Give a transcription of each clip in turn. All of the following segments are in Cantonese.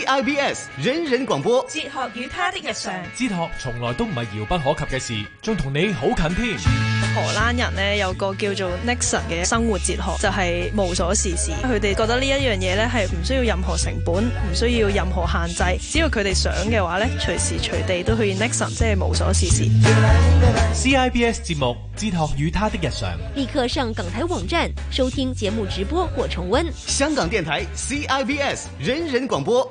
CIBS 人人廣播《哲學與他的日常》，哲學從來都唔係遙不可及嘅事，仲同你好近添。荷蘭人呢，有個叫做 Nixon 嘅生活哲學，就係無所事事。佢哋覺得呢一樣嘢咧係唔需要任何成本，唔需要任何限制，只要佢哋想嘅話咧，隨時隨地都可以 Nixon，即係無所事事。CIBS 節目《哲學與他的日常》，立刻上港台網站收聽節目直播或重溫。香港電台 CIBS 人人廣播。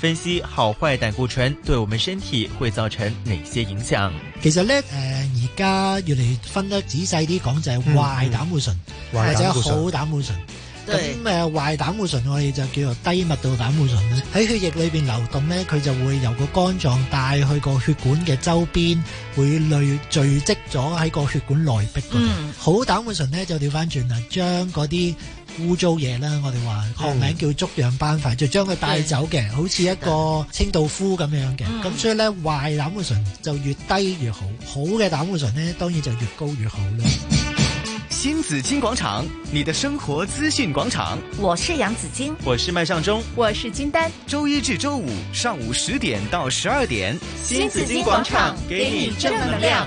分析好壞膽固醇對我們身體會造成哪些影響？其實咧，誒而家越嚟越分得仔細啲講就係壞膽固醇或者好膽固醇。咁誒、嗯、壞膽固醇我哋就叫做低密度膽固醇咧，喺血液裏邊流動咧，佢就會由個肝臟帶去個血管嘅周邊，會累聚積咗喺個血管內壁嗰、嗯、好膽固醇咧就調翻轉啦，將嗰啲。污糟嘢啦，我哋話學名叫粥樣斑塊，就將佢帶走嘅、嗯，好似一個清道夫咁樣嘅。咁、嗯、所以呢壞膽固醇就越低越好，好嘅膽固醇呢當然就越高越好啦。 新紫金廣場，你的生活資訊廣場，我是楊紫晶，我是麥尚中，我是金丹，周一至周五上午十點到十二點，新紫金廣場給你正能量。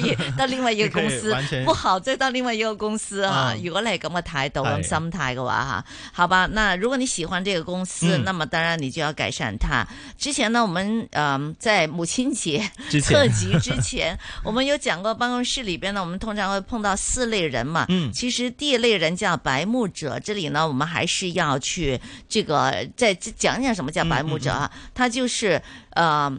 可以，到另外一個公司 不好，再到另外一個公司、嗯、啊！如果你係咁嘅態度、咁心態嘅話，吓，好吧。那如果你喜歡這個公司、嗯，那麼當然你就要改善它。之前呢，我們嗯、呃、在母親節特輯之前， 我們有講過辦公室裏邊呢，我們通常會碰到四類人嘛。嗯，其實第一類人叫白目者，這裏呢，我們還是要去這個再講講什麼叫白目者啊。他、嗯嗯嗯、就是呃。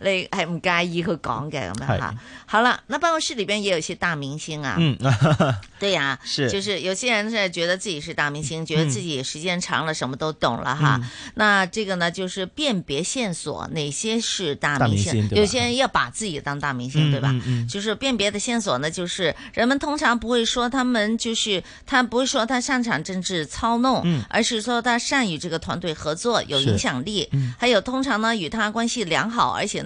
你係唔介意佢講嘅咁樣吓，好啦，那辦公室裏邊也有一些大明星啊，嗯， 對呀、啊，是，就是有些人是覺得自己是大明星、嗯，覺得自己時間長了什麼都懂了哈，嗯、那這個呢就是辨別線索，哪些是大明，大明星，有些人要把自己當大明星，嗯、對吧？嗯，嗯就是辨別的線索呢，就是人們通常不會說他們就是，他不是說他擅長政治操弄，嗯、而是說他善於這個團隊合作，有影響力，嗯、還有通常呢與他關係良好，而且呢。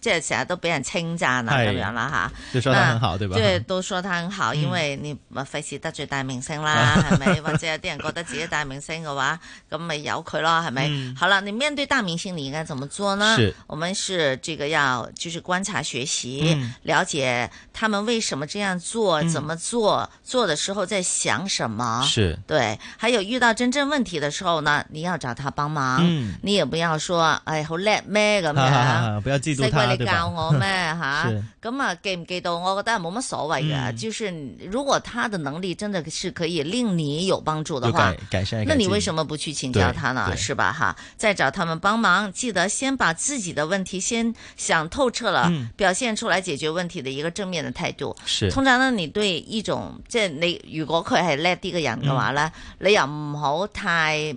即係成日都俾人稱讚啊咁樣啦吓，即係都說他很好，對吧？即都說他很好，因為你咪費事得罪大明星啦，係、啊、咪？或者有啲人覺得自己大明星嘅話，咁咪由佢咯，係咪、嗯？好啦，你面對大明星你應該怎麼做呢？我們是這個要，就是觀察學習、嗯，了解他們為什麼這樣做，嗯、怎麼做、嗯，做的時候在想什麼？是對，還有遇到真正問題的時候呢，你要找他幫忙，嗯、你也不要說，嗯、哎好叻咩咁樣，不要嫉妒他你教我咩吓？咁啊記唔記得？我覺得冇乜所謂嘅。就是如果他的能力真的是可以令你有幫助的話，改善，那你為什麼不去請教他呢？對對是吧？哈！再找他們幫忙，記得先把自己的問題先想透徹了，嗯、表現出來解決問題的一個正面的態度。通常呢，你對一種即係你如果佢係叻啲嘅人嘅話咧，你又唔好太。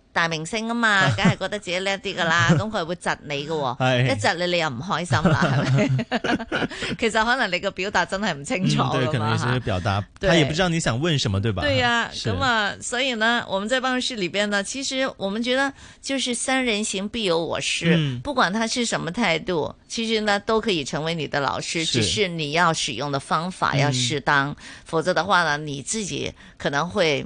大明星啊嘛，梗係覺得自己叻啲噶啦，咁 佢會窒你噶， 一窒你你又唔開心啦。 其實可能你個表達真係唔清楚、嗯、對，可能有些表達， 他也不知道你想問什麼，對吧？對呀、啊，咁啊、嗯，所以呢，我們在辦公室裏邊呢，其實我們覺得，就是三人行必有我師、嗯，不管他是什麼態度，其實呢都可以成為你的老師，只是你要使用的方法要適當，嗯、否則的話呢，你自己可能會。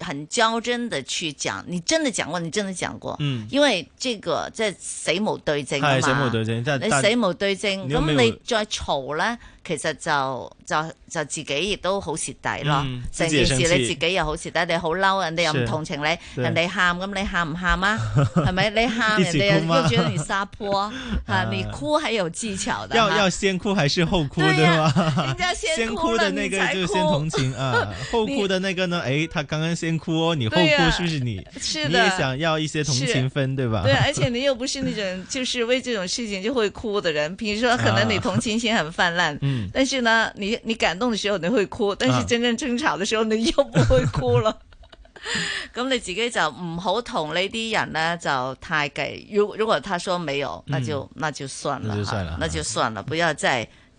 很較真的去講，你真的講過，你真的講過，嗯、因為這個即係死無對證啊嘛，死無對證，你死無對證，咁你，你，你再嘈咧，其實就就就自己亦都好蝕底咯，成、嗯、件事自你自己又好蝕底，你好嬲，人哋又唔同情你，對人哋喊咁你喊唔喊啊？係 咪？你喊人哋又覺得你撒潑，吓 哭 你哭係有技巧的，要要先哭還是後哭，對嗎、啊？對啊、人家先，哭 先哭的那個就先同情 啊，後哭的那個呢？誒、 哎，他剛剛先。哭、哦，你會哭是不是你？啊、是的，想要一些同情分，對吧？對、啊，而且你又不是那種就是為這種事情就會哭的人。 比如說可能你同情心很泛濫，嗯、啊，但是呢，你你感動的時候你會哭，嗯、但是真正爭吵的時候你又不會哭了。咁你自己就唔好同呢啲人呢，就太計，如如果他說沒有，那就那就算了，那就算了，啊算了嗯、不要再。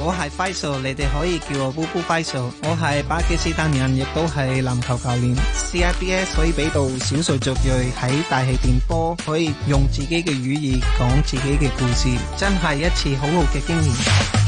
我係 Faisal，你哋可以叫我波波 Faisal。我係巴基斯坦人，亦都係籃球教練。CIBS 可以俾到少數族裔喺大氣電波，可以用自己嘅語言講自己嘅故事，真係一次好好嘅經驗。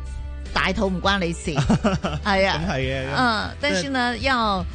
大肚唔關你事，係 啊、哎，係嘅，嗯，是但是呢，要。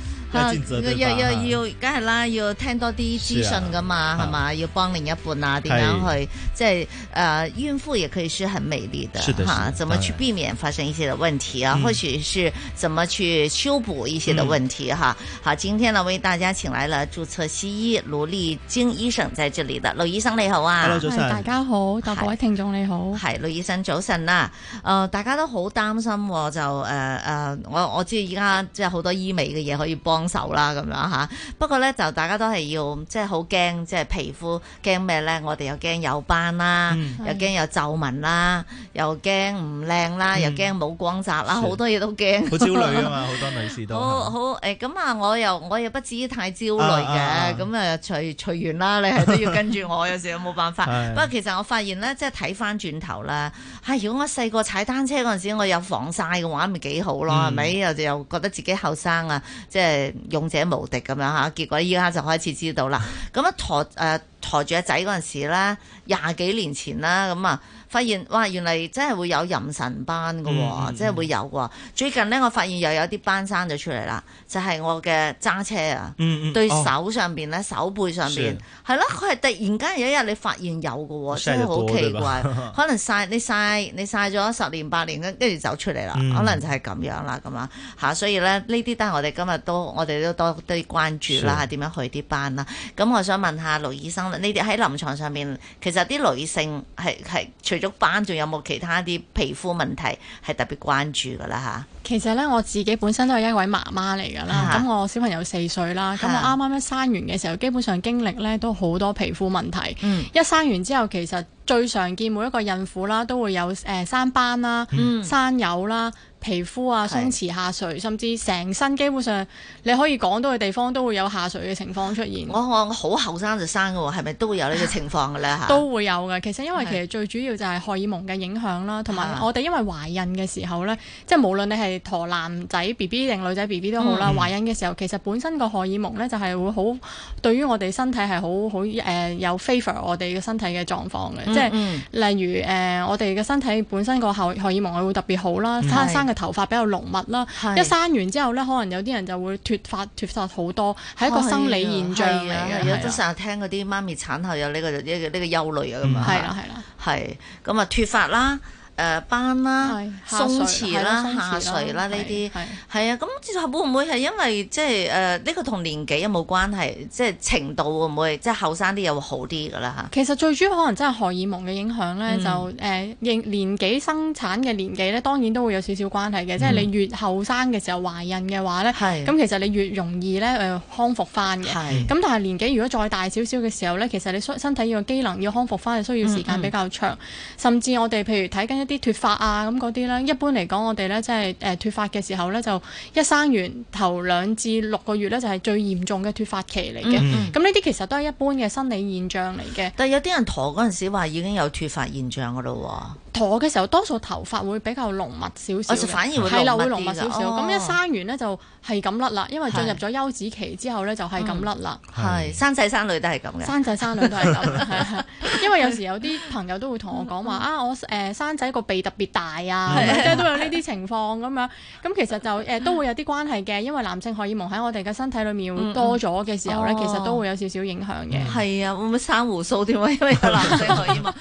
要要要，梗係啦，要聽多啲資訊噶嘛，係嘛，啊？要幫另一半啊，點樣去？即係誒，孕婦亦可以是很美麗的，是的是，哈？怎麼去避免發生一些的問題啊？或許是怎麼去修補一些的問題？哈，嗯？好，啊，今天呢，為大家請來了註冊西醫盧麗晶醫生在這裏的，盧醫生你好啊！Hello, 早晨，hey, 大家好，各位聽眾，hey, hey, 你好，係，hey, 盧醫生早晨啦，啊。誒，呃，大家都好擔心就，就誒誒，我我知而家即係好多醫美嘅嘢可以幫。受啦咁樣吓，不過咧就大家都係要即係好驚，即係皮膚驚咩咧？我哋又驚有斑啦，又驚有皺紋啦，又驚唔靚啦，又驚冇光澤啦，好多嘢都驚。好焦慮啊嘛，好多女士都。好，好誒，咁啊，我又我又不至於太焦慮嘅，咁啊隨隨緣啦。你係都要跟住我，有時有冇辦法。不過其實我發現咧，即係睇翻轉頭咧，係如果我細個踩單車嗰陣時，我有防曬嘅話，咪幾好咯，係咪？又又覺得自己後生啊，即係。勇者無敵咁樣吓，結果依家就開始知道啦。咁啊陀誒。呃抬住阿仔嗰陣時咧，廿幾年前啦，咁啊，發現哇，原嚟真係會有妊娠斑嘅，即、嗯、係會有喎、嗯。最近咧，我發現又有啲斑生咗出嚟啦，就係、是、我嘅揸車啊、嗯嗯，對手上邊咧、哦，手背上邊，係咯，佢係突然間有一日你發現有嘅喎，真係好奇怪，可能曬你曬你曬咗十年八年，跟住走出嚟啦、嗯，可能就係咁樣啦，咁啊嚇。所以咧，呢啲都係我哋今日都我哋都多啲關注啦，點樣去啲斑啦。咁我想問下盧醫生。你哋喺臨床上面，其實啲女性係係除咗斑，仲有冇其他啲皮膚問題係特別關注噶啦吓？其實咧，我自己本身都係一位媽媽嚟噶啦，咁我小朋友四歲啦，咁我啱啱一生完嘅時候，基本上經歷咧都好多皮膚問題。嗯，一生完之後，其實最常見每一個孕婦啦，都會有誒、呃、生斑啦、嗯、生油啦。皮膚啊，鬆弛下垂，甚至成身基本上你可以講到嘅地方都會有下垂嘅情況出現。我我好後生就生嘅喎，係咪都會有呢個情況嘅咧？ 都會有嘅。其實因為其實最主要就係荷爾蒙嘅影響啦，同埋我哋因為懷孕嘅時候呢、啊，即係無論你係陀男仔 B B 定女仔 B B 都好啦、嗯嗯，懷孕嘅時候其實本身個荷爾蒙呢，就係會好，對於我哋身體係好好誒有 f a v o r 我哋嘅身體嘅狀況嘅、嗯嗯。即係例如、呃、我哋嘅身體本身個荷荷爾蒙係會特別好啦，生生頭髮比較濃密啦，一生完之後咧，可能有啲人就會脫髮脫髮好多，係一個生理現象嚟嘅。有啲成日聽嗰啲媽咪產後有呢個一呢個呢個憂慮啊咁啊，係啦係啦，係咁啊，脫髮啦。誒、呃、斑、啊、啦、鬆弛啦、下垂啦呢啲係啊，咁之後會唔會係因為即係誒呢個同年紀有冇關係？即、就、係、是、程度會唔會即係後生啲又會好啲㗎啦？其實最主要可能真係荷爾蒙嘅影響咧、嗯，就誒年、呃、年紀生產嘅年紀咧，當然都會有少少關係嘅、嗯。即係你越後生嘅時候懷孕嘅話咧，咁、嗯、其實你越容易咧誒、呃、康復翻嘅。咁但係年紀如果再大少少嘅時候咧，其實你身身體要機能要康復翻，係需要時間比較長。嗯嗯，甚至我哋譬如睇緊啲脫髮啊，咁嗰啲咧，一般嚟講我哋咧即係誒脫髮嘅時候咧，就一生完頭兩至六個月咧就係最嚴重嘅脫髮期嚟嘅。咁呢啲其實都係一般嘅生理現象嚟嘅。但係有啲人陀嗰陣時話已經有脫髮現象噶啦喎。陀嘅時候多數頭髮會比較濃密少少，反而係啦，會濃密少少。咁一生完咧就係咁甩啦，因為進入咗休止期之後咧就係咁甩啦。係生仔生女都係咁嘅，生仔生女都係咁。因為有時有啲朋友都會同我講話啊，我誒生仔個鼻特別大啊，即都有呢啲情況咁樣。咁其實就誒都會有啲關係嘅，因為男性荷爾蒙喺我哋嘅身體裏面多咗嘅時候咧，其實都會有少少影響嘅。係啊，會唔會生胡鬚點因為有男性荷爾蒙。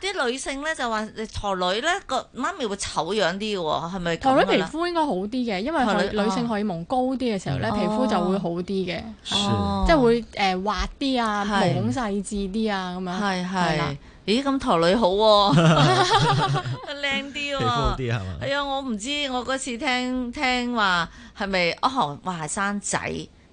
即係啲女性咧就話。陀女咧個媽咪會醜樣啲嘅喎，係咪？陀女皮膚應該好啲嘅，因為女女性荷爾蒙高啲嘅時候咧，啊、皮膚就會好啲嘅，即係會誒、呃、滑啲啊，是毛孔細致啲啊，咁樣係係。了咦，咁陀女好喎，啊，靚啲喎，皮膚好啲係嘛？係啊，我唔知我嗰次聽聽話係咪哦，行話生仔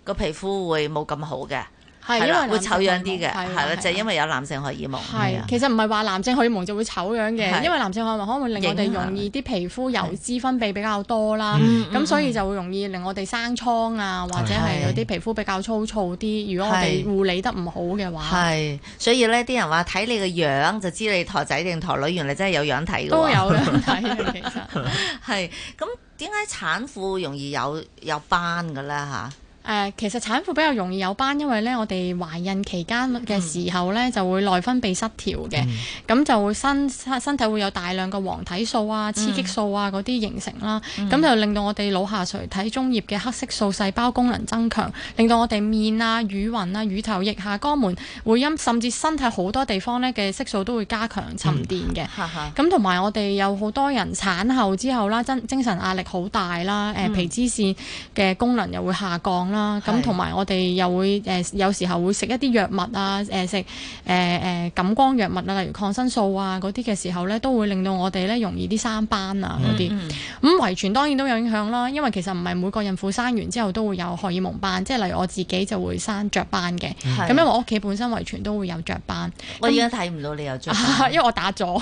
個皮膚會冇咁好嘅。係，因為會醜樣啲嘅，係啦，就係因為有男性荷爾蒙。係，其實唔係話男性荷爾蒙就會醜樣嘅，因為男性荷爾蒙可能會令我哋容易啲皮膚油脂分泌比較多啦，咁、嗯、所以就會容易令我哋生瘡啊，或者係有啲皮膚比較粗糙啲。如果我哋護理得唔好嘅話，係，所以咧啲人話睇你個樣就知你台仔定台女，原來真係有樣睇嘅。都有樣睇， 其實係。咁點解產婦容易有有斑嘅咧？嚇？誒、呃、其實產婦比較容易有斑，因為咧我哋懷孕期間嘅時候咧就會內分泌失調嘅，咁、嗯、就會身身體會有大量嘅黃體素啊、雌、嗯、激素啊嗰啲形成啦，咁、嗯、就令到我哋腦下垂體中葉嘅黑色素細胞功能增強，令到我哋面啊、乳暈啊、乳頭、腋下、肛門、會陰，甚至身體好多地方咧嘅色素都會加強沉澱嘅。咁同埋我哋有好多人產後之後啦，精精神壓力好大啦，誒、呃、皮脂腺嘅功能又會下降啦。咁同埋我哋又會誒、呃，有時候會食一啲藥物啊，誒食誒誒感光藥物啊，例如抗生素啊嗰啲嘅時候咧，都會令到我哋咧容易啲生斑啊嗰啲。咁遺傳當然都有影響啦，因為其實唔係每個孕婦生完之後都會有荷爾蒙斑，即係例如我自己就會生雀斑嘅，咁、嗯、因為我屋企本身遺傳都會有雀斑。我而家睇唔到你有雀斑。啊，因為我打咗。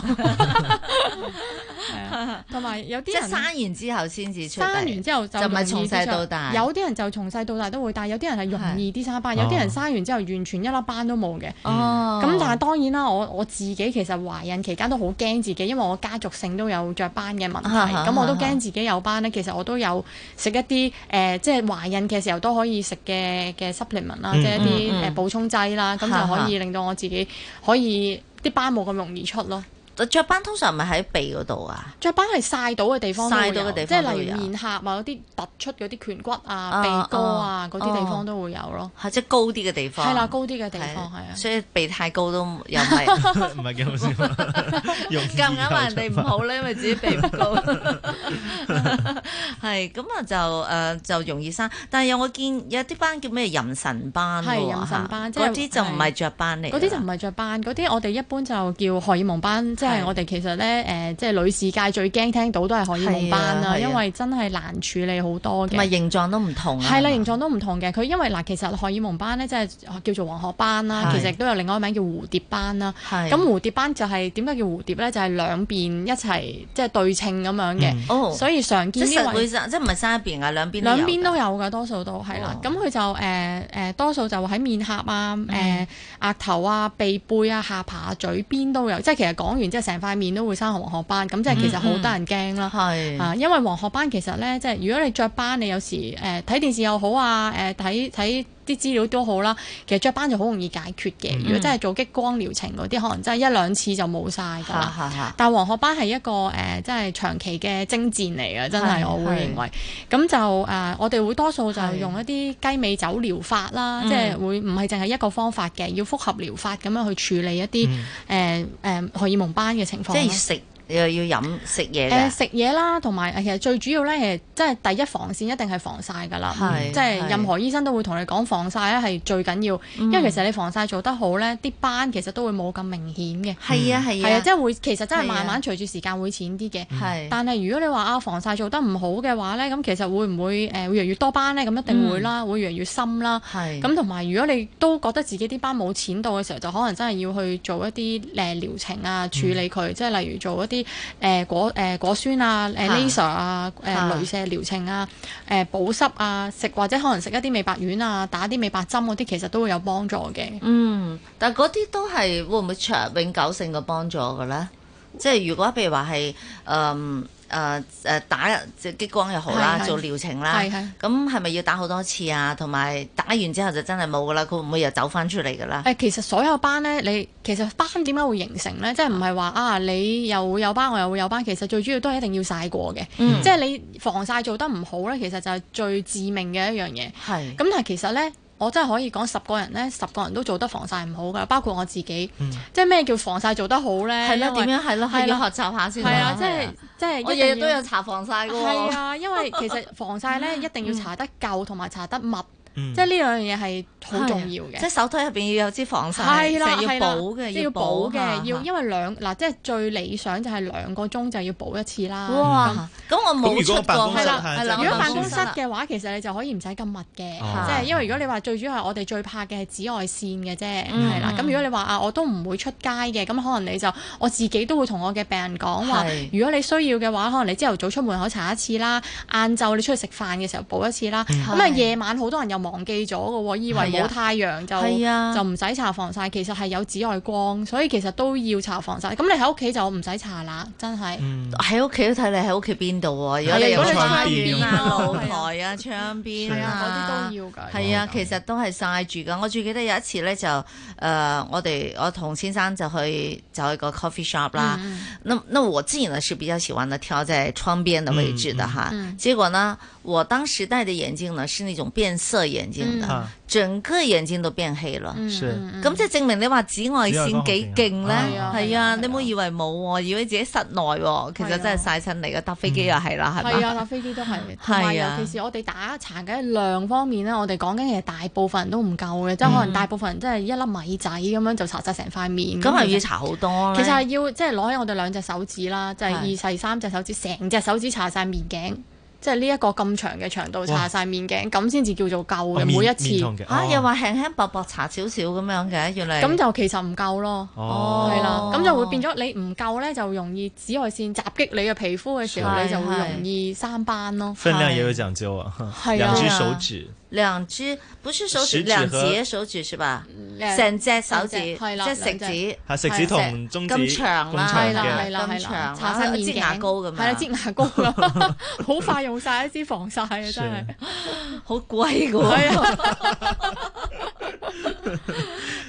同 埋 有啲即人生完之後先至出，生完之後就唔係從細到大，有啲人就從細到大。都會，但有啲人係容易啲生斑，是有啲人生完之後完全一粒斑都冇嘅。哦、嗯、咁但係當然啦，我我自己其實懷孕期間都好驚自己，因為我家族性都有雀斑嘅問題，咁哈我都驚自己有斑咧。嗯、其實我都有食一啲誒、呃、即係懷孕嘅時候都可以食嘅嘅 supplement 啦，即係一啲誒補充劑啦，咁、嗯嗯嗯、就可以令到我自己可以啲斑冇咁容易出咯。雀斑通常唔係喺鼻嗰度啊？雀斑係曬到嘅地方，曬到嘅地方，即係例如面頰啊，嗰啲突出嗰啲顴骨啊、啊鼻哥啊嗰啲、啊、地方都會有咯。啊啊啊有咯啊、即係高啲嘅地方。係啦，高啲嘅地方係啊。所以鼻太高都 又咪唔係幾好笑。夾硬話人哋唔好咧，咪自己鼻唔高。 係咁啊，就、呃、誒就容易生。但係有我見有啲斑叫咩、啊？妊娠、啊就是就是就是就是、斑。係妊娠斑，即係嗰啲就唔係雀斑嚟。嗰啲就唔係雀斑，嗰啲我哋一般就叫荷爾蒙斑。即、就、係、是、我哋其實咧，誒、呃，即、就、係、是、女士界最驚聽到都係荷爾蒙斑啦、啊啊啊，因為真係難處理好多嘅。唔咪形狀都唔同、啊。係啦、啊，形狀都唔同嘅。佢因為嗱，其實荷爾蒙斑咧，即、就、係、是、叫做黃褐斑啦，其實都有另外一個名叫蝴蝶斑啦、啊。咁蝴蝶斑就係點解叫蝴蝶咧？就係、是、兩邊一齊即係對稱咁樣嘅、嗯。所以常見啲、嗯哦。即係唔係三邊啊？兩邊。兩邊都有㗎，多數都係啦。咁佢、啊哦、就誒誒、呃呃，多數就喺面頰啊、誒、呃嗯、額頭啊、鼻背啊、下巴、啊、嘴邊都有。即係其實講完。成塊面都會生黃褐斑，咁即係其實好得人驚啦。係、嗯、啊、嗯，因為黃褐斑其實咧，即係如果你着斑，你有時誒睇電視又好啊，誒睇睇。啲資料都好啦，其實雀斑就好容易解決嘅。如果真係做激光療程嗰啲，嗯，可能真係一兩次就冇晒㗎啦。哈哈哈哈，但係黃褐斑係一個誒、呃，真係長期嘅爭戰嚟嘅，真係我會認為。咁就誒、呃，我哋會多數就用一啲雞尾酒療法啦，即係會唔係淨係一個方法嘅，要複合療法咁樣去處理一啲誒誒荷爾蒙斑嘅情況。即係食。又要，要飲食嘢誒食嘢啦，同埋其實最主要咧係即係第一防線一定係防曬㗎啦，即係任何醫生都會同你講防曬咧係最緊要、嗯，因為其實你防曬做得好咧，啲斑其實都會冇咁明顯嘅。係啊係啊，係啊、嗯、啊，即係會其實真係慢慢、啊、隨住時間會淺啲嘅。但係如果你話啊防曬做得唔好嘅話咧，咁其實會唔會誒、呃、越嚟越多斑咧？咁一定會啦，嗯、會越嚟越深啦。咁同埋如果你都覺得自己啲斑冇淺到嘅時候，就可能真係要去做一啲誒療程啊處理佢、嗯，即係例如做一啲。啲誒果誒果酸啊，誒 Laser 啊，誒鐳射療程啊，誒補濕啊，食或者可能食一啲美白丸啊，打啲美白針嗰啲，其實都會有幫助嘅。嗯，但係嗰啲都係會唔會長永久性嘅幫助嘅咧？即係如果譬如話係誒。嗯誒、呃、誒打即激光又好啦，做療程啦，咁係咪要打好多次啊？同埋打完之後就真係冇噶啦，佢唔會又走翻出嚟噶啦。誒，其實所有斑咧，你其實斑點解會形成咧？啊、即係唔係話啊，你又會有斑，我又會有斑？其實最主要都係一定要曬過嘅，即、嗯、係你防曬做得唔好咧，其實就係最致命嘅一樣嘢。係。咁但係其實咧。我真係可以講十個人咧，十個人都做得防曬唔好噶，包括我自己。即係咩叫防曬做得好咧？係咯，點樣係咯？係要學習下先。係啊，即係即係，就是就是、我日日都有搽防曬噶。係啊，因為其實防曬咧一定要搽得夠同埋搽得密。即係呢兩樣嘢係好重要嘅，即係手袋入邊要有支防曬，成日要補嘅，要補嘅，要因為兩嗱，即係最理想就係兩個鐘就要補一次啦。哇！咁我冇出過係啦。如果辦公室嘅話，其實你就可以唔使咁密嘅，即係因為如果你話最主要係我哋最怕嘅係紫外線嘅啫，係啦。咁如果你話啊，我都唔會出街嘅，咁可能你就我自己都會同我嘅病人講話，如果你需要嘅話，可能你朝頭早出門口搽一次啦，晏晝你出去食飯嘅時候補一次啦，咁啊夜晚好多人又。忘記咗個㗎，以為冇太陽就係啊，就唔使搽防曬，其實係有紫外光，所以其實都要搽防曬。咁你喺屋企就唔使搽啦，真係，喺屋企都睇你喺屋企邊度，如果你花園啊、露台啊、有有窗邊啊嗰啲，啊 啊啊啊，都要㗎。係啊，其實都係曬住㗎。我最記得有一次咧，就，呃，誒我哋我同先生就去就去個 coffee shop 啦。嗯，那那我之前啊係比較喜歡呢挑在窗邊的位置的哈，嗯嗯，結果呢，我當時戴的眼鏡呢是那種變色。眼睛唔得，嗯、整個眼睛都變黑咯。咁是、嗯、即係證明你話紫外線幾勁咧？係啊，你唔好以為冇，以為自己室內，其實真係曬親你嘅。搭飛機又係啦，係嘛、嗯？係啊，搭飛機都係。同埋、啊、尤其是我哋打搽嘅量方面咧，我哋講緊其實大部分都唔夠嘅，即、就、係、是、可能大部分人即係一粒米仔咁樣就搽晒成塊面。咁係要搽好多。其實係要即係攞起我哋兩隻手指啦，就係二、四、三隻手指，成、就、隻、是、手指搽晒面頸。即係呢一個咁長嘅長度搽晒面頸咁先至叫做夠嘅、哦、每一次嚇、哦啊，又話輕輕薄薄搽少少咁樣嘅，原來咁就其實唔夠咯。哦，係啦，咁就會變咗你唔夠咧，就容易紫外線襲擊你嘅皮膚嘅時候，你就會容易生斑咯。分量也有冇講究啊？兩隻手指兩支，本書數,數兩指嘅數住是吧？成、嗯、隻手指隻隻即係食指，係食指同中指咁長啦、啊，係啦係啦，搽曬一支牙膏咁，係啦， 一支牙膏咁，好快用晒一支防晒，啊！真係好 貴嘅的喎，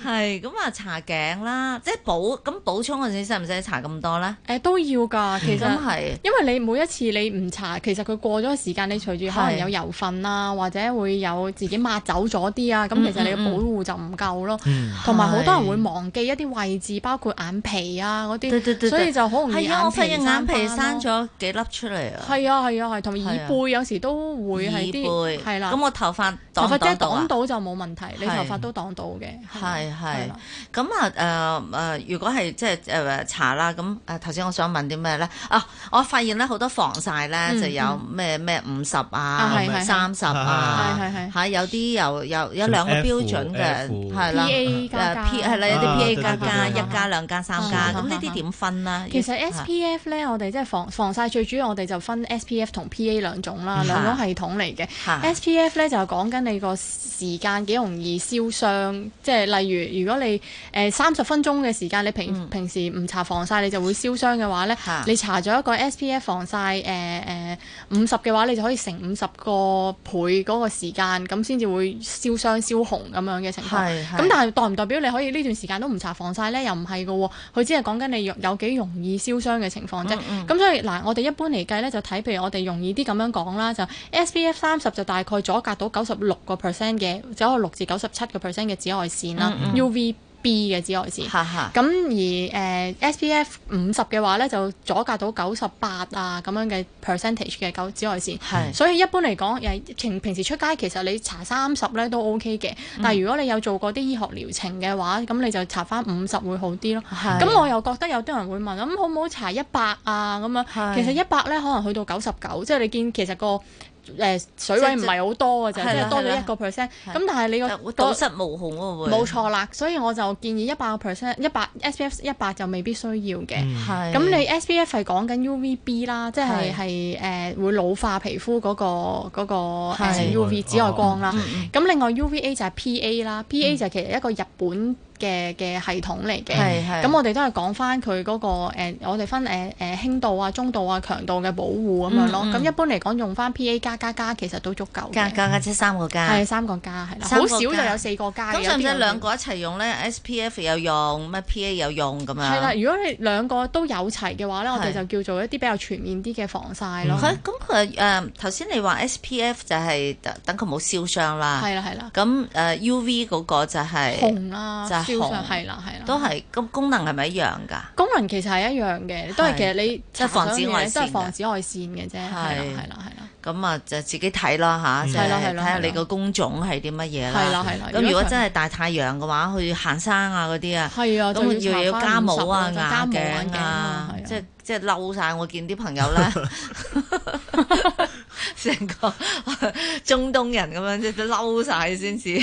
係咁啊，搽頸啦，即補咁補充嗰陣使唔使搽咁多咧？誒、欸、都要㗎，其實係因為你每一次你唔搽，其實佢過咗時間，你隨住可能有油份啦，或者會有。會自己抹走咗啲啊，咁、嗯、其實你嘅保護就唔夠咯。同埋好多人會忘記一啲位置，包括眼皮啊嗰啲，所以就好容易係啊，我發現眼皮生咗幾粒出嚟啊。係啊係啊係，同耳背有時都會係啲。係啦，咁我頭髮擋擋到頭髮擋到就冇問題，你頭髮都擋到嘅。係係。咁啊誒誒、呃呃，如果係即係誒搽啦，咁誒頭先我想問啲咩咧？啊，我發現咧好多防曬咧、嗯嗯、就有咩咩五十啊，三十啊。嚇、啊、有啲又又有兩個標準嘅，係 P A 誒 P 係啦，有啲 P A 加加一加兩加三加，咁呢啲點分啦？其實 S P F 咧，我哋即係防防曬最主要，我哋就分 S P F 同 P A 兩種啦是、啊，兩種系統嚟嘅。S P F 咧就講緊你個時間幾容易燒傷，即、就、係、是、例如如果你誒三十分鐘嘅時間，你平、嗯、平時唔搽防曬你就會燒傷嘅話咧、啊，你搽咗一個 S P F 防曬誒誒五十嘅話，你就可以成五十個倍嗰個時間。咁先至會燒傷燒紅咁樣嘅情況，咁但係代唔代表你可以呢段時間都唔搽防曬咧？又唔係㗎喎，佢只係講緊你有幾容易燒傷嘅情況啫。咁、嗯嗯、所以嗱，我哋一般嚟計咧，就睇譬如我哋容易啲咁樣講啦，就 SPF 三十就大概阻隔到九十六個 percent 嘅，阻隔六至九十七個 percent 嘅紫外線啦，U V。嗯嗯 UV B 嘅紫外線，咁而、呃、SPF 五十嘅話呢，就阻隔到九十八啊咁樣嘅 percentage 嘅九紫外線。所以一般嚟講，誒平平時出街其實你搽三十呢都 OK 嘅。但係如果你有做過啲醫學療程嘅話，咁、嗯、你就搽返五十會好啲咯。係。咁我又覺得有啲人會問，咁、嗯、好唔好搽一百啊？咁樣，其實一百呢可能去到九十九，即係你見其實、嗰個。誒水位唔係好多嘅啫，即係多咗一個 percent。咁但係你個堵塞毛孔喎會冇錯啦，所以我就建議一百個 percent，一百 SPF 一百就未必需要嘅。咁、嗯、你 SPF 係講緊 UVB 啦，即係係誒會老化皮膚嗰、個嗰、個、UV 紫外光啦。咁、哦、另外 UVA 就係 PA 啦、嗯、PA 就係其實一個日本嘅嘅系統嚟嘅，咁我哋都係講翻佢嗰個、呃、我哋分誒誒、呃呃、輕度啊、中度啊、強度嘅保護咁樣咯。咁、嗯嗯、一般嚟講，用翻 PA 加加加其實都足夠嘅，加加加即三個加，係三個加係啦。好少就有四個加嘅。咁使唔使兩個一齊用咧？SPF 有用，咩 PA 有用咁樣？係啦，如果你兩個都有齊嘅話咧，我哋就叫做一啲比較全面啲嘅防曬咯。咁佢誒頭先你話 SPF 就係等佢冇燒傷啦，係啦係啦。咁誒、呃、UV 嗰個就係、是、紅啦，就係、是。係啦，係啦，都係功功能係咪一樣噶？功能其實係一樣嘅，都係其實你即係防紫外線，即係防紫外線嘅啫。係啦，係啦，係啦。咁啊，就自己睇啦嚇，即係睇下你個工種係啲乜嘢啦。係啦，係啦。咁如果真係大太陽嘅話，去行山啊嗰啲啊，都要50，要加帽啊、眼鏡啊，即係即係漏晒。我見啲朋友咧。 成個中東人咁樣即係嬲晒先至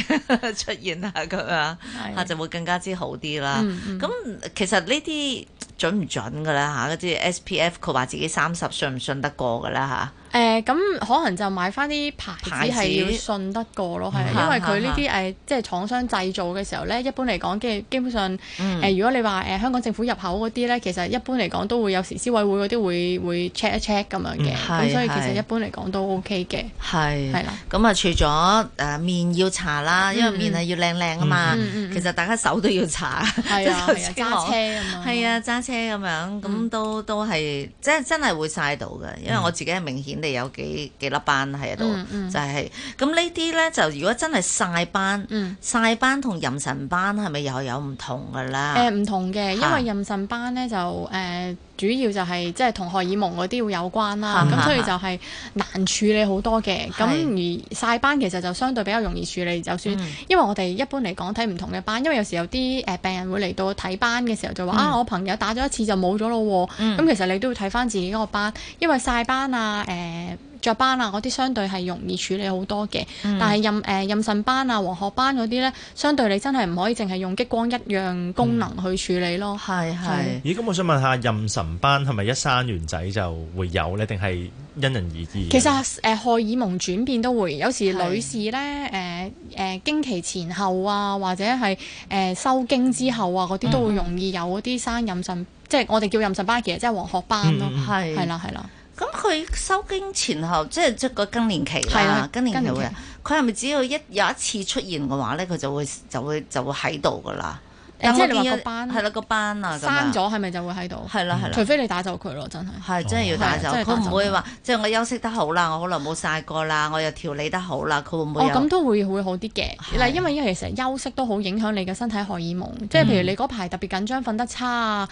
出現下啊咁樣，嚇就會更加之好啲啦。咁、嗯嗯、其實準準呢啲準唔準噶啦吓？嗰啲 SPF 佢話自己三十信唔信得過噶啦吓。誒、呃、咁可能就買翻啲牌子係要信得過咯，係啊，因為佢呢啲誒即係廠商製造嘅時候咧，一般嚟講嘅基本上、嗯呃、如果你話、呃、香港政府入口嗰啲咧，其實一般嚟講都會有時消委會嗰啲會、會 check 一 check 咁樣嘅，咁、嗯、所以其實一般嚟講都 OK 嘅。係係啦，咁啊除咗面、呃、要搽啦，因為面係要靚靚啊嘛、嗯，其實大家手都要搽，即、嗯嗯、啊，揸車咁啊，係啊揸車咁樣咁、嗯、都都係即係真係會曬到嘅，因為我自己係明顯。你有幾幾粒斑喺度，就係、是、咁呢啲咧。就如果真係曬斑，曬、嗯、斑、同妊娠斑是不是有有不同妊娠斑係咪又有唔同㗎啦？誒唔同嘅，因為妊娠斑咧就誒。呃主要就係、是、即係同荷爾蒙嗰啲會有關啦、啊，咁、嗯、所以就係難處理好多嘅。咁、嗯、而曬斑其實就相對比較容易處理，就算因為我哋一般嚟講睇唔同嘅斑，因為有時候有啲誒、呃、病人會嚟到睇斑嘅時候就話、嗯、啊，我朋友打咗一次就冇咗咯喎，咁其實你都要睇翻自己嗰個斑，因為曬斑啊誒。呃雀斑啊，嗰啲相對係容易處理好多嘅，嗯、但係妊誒妊娠斑啊、黃褐斑嗰啲咧，相對你真係唔可以淨係用激光一樣功能去處理咯。係、嗯、係。咦，咁我想問一下，妊娠斑係咪一生完仔就會有咧，定係因人而異？其實誒，荷、啊、爾蒙轉變都會，有時女士咧，誒、呃、誒、呃，經期前後啊，或者係誒，收、呃、經之後啊，嗰啲都會容易有啲生妊娠，嗯、即係我哋叫妊娠斑其實，即係黃褐斑咯。係係啦，係啦。咁佢收經前後，即係即個更年期啦、啊，更年期會佢係咪只要一有一次出現嘅話咧，佢就會就會就會喺度噶啦？即係話個班，係啦個班啊，生咗係咪就會喺度？係啦係啦，除非你打走佢咯，真係。係真係要打走。佢唔會話，即係我休息得好啦，我好耐冇晒過啦，我又調理得好啦，佢會唔會？哦，咁都會會好啲嘅。嗱，因為因為其實休息都好影響你嘅身體荷爾蒙。即係譬如你嗰排特別緊張，瞓得差啊，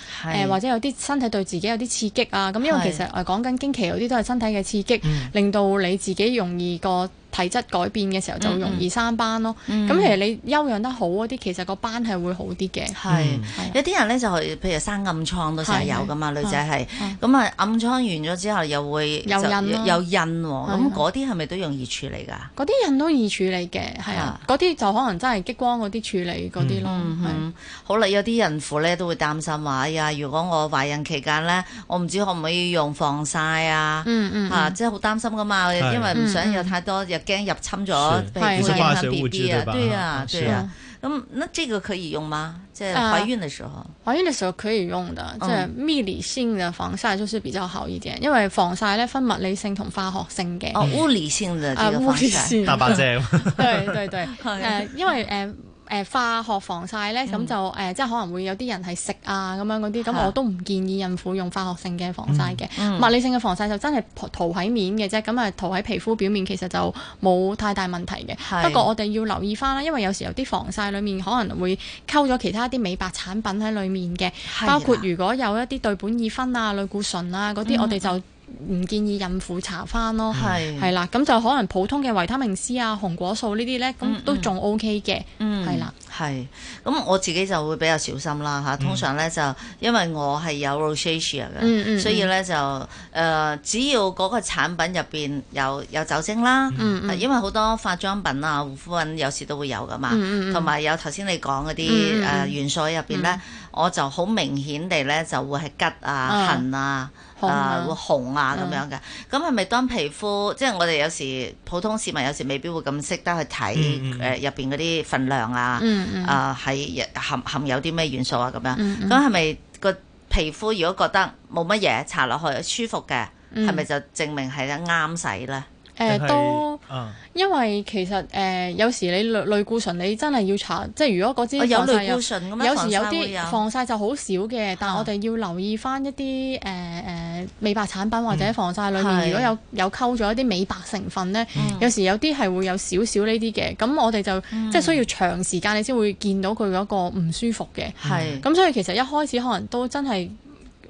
或者有啲身體對自己有啲刺激啊。咁因為其實誒講緊經期有啲都係身體嘅刺激，令到你自己容易過。體質改變嘅時候就容易生斑咯，咁其實你休養得好嗰啲，其實個斑係會好啲嘅。係，有啲人咧就係譬如生暗瘡都成日有㗎嘛，女仔係，咁啊暗瘡完咗之後又會有印，印喎，咁嗰啲係咪都容易處理㗎？嗰啲人都易處理嘅，係啊，嗰啲就可能真係激光嗰啲處理嗰啲咯。嗯，好啦，有啲孕婦咧都會擔心話，哎呀，如果我懷孕期間咧，我唔知可唔可以用防曬啊？吓，嗯，即係好擔心㗎嘛，因為唔想有太多驚入侵咗，會影響 BB 啊？對啊對啊，咁那這個可以用嗎？在懷孕的時候，懷孕的時候可以用的，即係物理性的防曬，就是比較好一點，因為防曬呢分物理性同化學性嘅。哦，物理性的啊，物理性，大把隻。對對對，誒，因為誒。呃、化學防曬呢，咁、嗯、就誒即係可能會有啲人係食啊咁樣嗰啲，咁、啊、我都唔建議孕婦用化學性嘅防曬嘅，物、嗯嗯、理性嘅防曬就真係塗喺面嘅啫，咁啊塗喺皮膚表面其實就冇太大問題嘅。不過我哋要留意翻啦，因為有時有啲防曬裏面可能會溝咗其他啲美白產品喺裏面嘅，包括如果有一啲對苯二酚啊、類固醇啊嗰啲，我哋就、嗯。唔建議孕婦搽翻咯，係係啦，咁就可能普通嘅維他命 C 啊、紅果素呢啲咧，咁、嗯嗯、都仲 O K 嘅，係、嗯、啦，係。咁我自己就會比較小心啦吓、啊，通常咧、嗯、就因為我係有 Rosacea 嘅、嗯嗯嗯，所以咧就誒、呃、只要嗰個產品入邊有有酒精啦，嗯嗯因為好多化妝品啊護膚品有時都會有噶嘛，同、嗯、埋、嗯嗯、有頭先你講嗰啲誒元素入邊咧。嗯嗯我就好明顯地咧，就會係吉啊、痕啊、啊，啊會紅啊咁、啊、樣嘅。咁係咪當皮膚即係我哋有時普通市民有時未必會咁識得去睇入、嗯嗯呃、面嗰啲份量啊？啊、嗯、係、嗯呃、含含有啲咩元素啊？咁樣咁係咪個皮膚如果覺得冇乜嘢搽落去舒服嘅，係、嗯、咪就證明係得啱使咧？誒、呃、都、嗯，因為其實誒、呃、有時你類固醇，你真係要查，即係如果嗰支有、哦、有類固醇咁樣，有時有啲防曬就好少嘅。但係我哋要留意返一啲誒誒美白產品或者防曬裏面、嗯，如果有有溝咗一啲美白成分咧、嗯，有時有啲係會有少少呢啲嘅。咁我哋就、嗯、即係需要長時間，你先會見到佢嗰個唔舒服嘅。係、嗯、咁，所以其實一開始可能都真係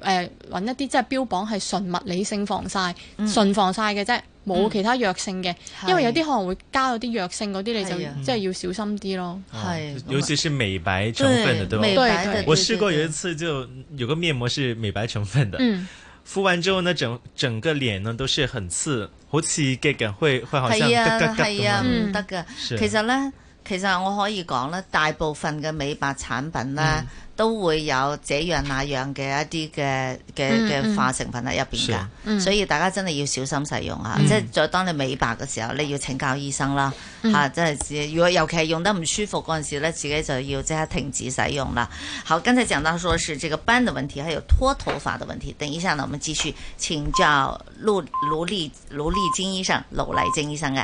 誒搵一啲即係標榜係純物理性防曬、嗯、純防曬嘅啫。冇其他藥性嘅、嗯，因為有啲可能會加咗啲藥性嗰啲，你就即係要小心啲咯。係、啊啊，尤其是美白成分嘅，都係。我試過有一次就有個面膜是美白成分嘅、嗯。敷完之後呢，整整個臉呢都是很刺，好似 get 會會好像係啊係啊唔得噶。其實呢。其實我可以講咧，大部分嘅美白產品咧、嗯，都會有這樣那樣嘅一啲嘅嘅嘅化成分喺入邊噶，所以大家真係要小心使用啊！嗯、即係在當你美白嘅時候，你要請教醫生啦，吓即係。如果尤其係用得唔舒服嗰陣時咧，自己就要即刻停止使用啦。好，剛才講到說是這個斑的問題，還有脫頭髮的問題，等一下呢，我們繼續請教盧盧麗盧麗晶醫生、盧麗晶醫生嘅。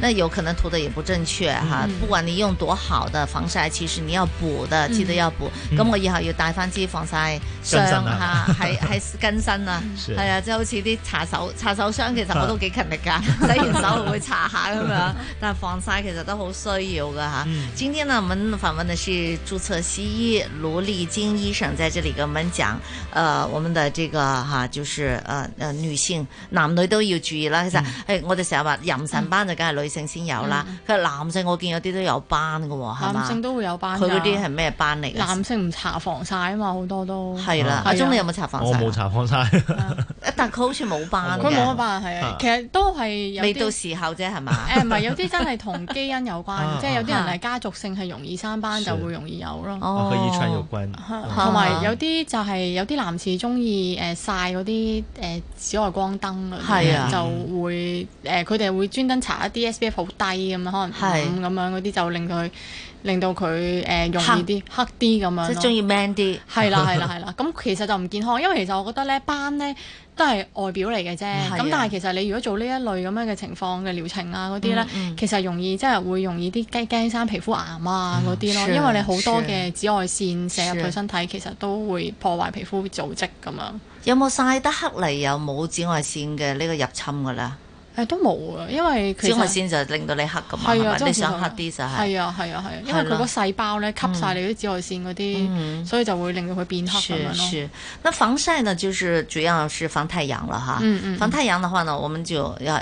那有可能塗的也不正確哈、啊，不管你用多好的防曬，其實你要補的、嗯、記得要補。咁、嗯、我以後要帶翻支防曬霜哈，係係更新啊，係啊，即係好似啲擦手擦手霜，雙雙其實我都幾勤力噶，洗完手會擦下咁樣、 啊。但係防曬其實都好需要噶哈。今天呢，我們訪問的是注冊西醫盧麗晶醫生，在這裏跟我們講，呃，我們的這個哈、啊，就是呃呃女性、男女都要注意啦、嗯。其實，誒，我哋成日話妊娠斑就女性先有啦。佢、嗯、男性我見有啲都有斑噶喎，男性都會有斑。佢嗰啲係咩斑嚟嘅？男性唔搽防曬啊嘛，好多都係啦。阿、嗯、鍾，啊啊、中你有冇搽防曬？我冇搽防曬。 但佢、嗯、好似冇斑。佢冇個斑係，啊，其實都係未到時候啫，係嘛？誒、欸，唔係，有啲真係同基因有關， 即係有啲人係家族性係容易生斑， 就會容易有咯。哦，佢遺傳有關。同、啊、埋有啲就係、是、有啲男士中意誒曬嗰啲誒紫外光燈係啊，就會誒佢哋會專登搽 DSPF 好低咁啊，可能五、嗯、咁樣嗰啲就令佢令到佢誒容易啲黑啲咁樣即係中意 man 啲。係啦，係 啦，係啦。咁其實就唔健康，因為其實我覺得咧斑咧都係外表嚟嘅啫。咁、啊、但係其實你如果做呢一類咁樣嘅情況嘅療程啊嗰啲咧，其實容易即係、就是、會容易啲驚驚生皮膚癌啊嗰啲咯、嗯，因為你好多嘅紫外線射、嗯、入佢身體，其實都會破壞皮膚組織咁啊。有冇曬得黑嚟有冇紫外線嘅呢個入侵㗎啦？誒都冇啊、就是、啊，啊，啊，啊，啊，因為它、嗯、紫外線就令到你黑咁嘛，係咪你想黑啲就係？係啊係啊係，因為佢嗰細胞咧吸晒你啲紫外線嗰啲，所以就會令到佢變黑咁樣咯。是咁防曬呢，就是主要是防太陽啦嚇、啊。嗯嗯，防太陽嘅話我們就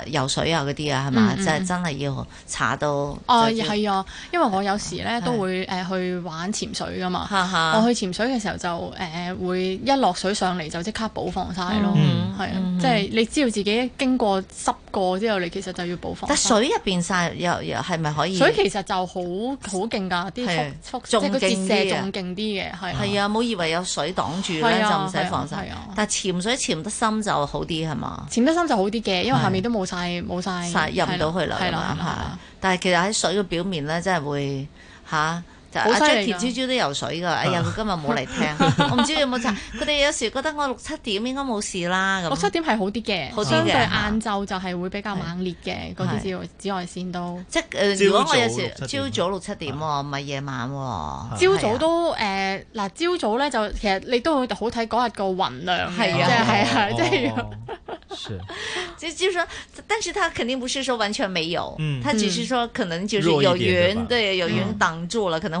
游水啊嗰啲、嗯嗯就是嗯、啊，係嘛？即係真係要搽到。哦，係啊，因為我有時咧、啊、都會誒、呃、去玩潛水㗎嘛哈哈。我去潛水嘅時候就誒會、呃、一落水上嚟就即刻補防曬咯，係、嗯嗯、啊，即、嗯、係、嗯就是、你知道自己經過濕過之後你其實就要補防曬。但水入邊晒又又係咪可以？水其實就好好勁㗎，啲速速仲勁啲嘅，係。係啊，冇以為有水擋住咧就唔使防曬。但潛水潛得深就好啲係嘛？潛得深就好啲嘅，因為下面都冇晒，冇曬入唔到去啦嘛嚇。但係其實喺水嘅表面咧，真係會嚇。就阿 Jackie 朝朝都游水噶哎呀，佢今日冇嚟聽，唔 知道有冇查。佢哋有時候覺得我六七點應該冇事啦。六七點係好啲嘅，好相嘅。晏晝就係會比較猛烈嘅嗰啲紫外紫外線都。即係如果我有時朝早六七點喎，唔係夜、啊、晚喎。朝早都嗱，朝、呃、早咧就其實你都好睇嗰日個雲量，即係係啊，即、就、係、是。朝、哦、早，就是哦就是哦、 但是他肯定不是說完全沒有，嗯、他只是說可能就是有雲，對，有擋住了、嗯，可能。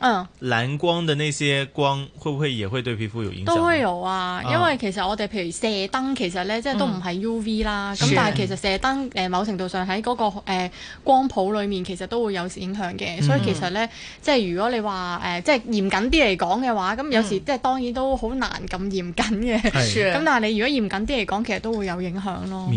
嗯，藍光嘅那些光會不會也會對皮膚有影響？都會有啊，啊，因為其實我哋譬如射燈，其實呢、嗯、即係都唔係 UV 啦。咁、嗯嗯、但係其實射燈某程度上喺嗰、那個誒、呃、光譜裏面，其實都會有影響嘅、嗯。所以其實呢，即係如果你話誒、呃、即係嚴謹啲嚟講嘅話，咁有時即係、嗯、當然都好難咁嚴謹嘅。咁但係你如果嚴謹啲嚟講，其實都會有影響咯。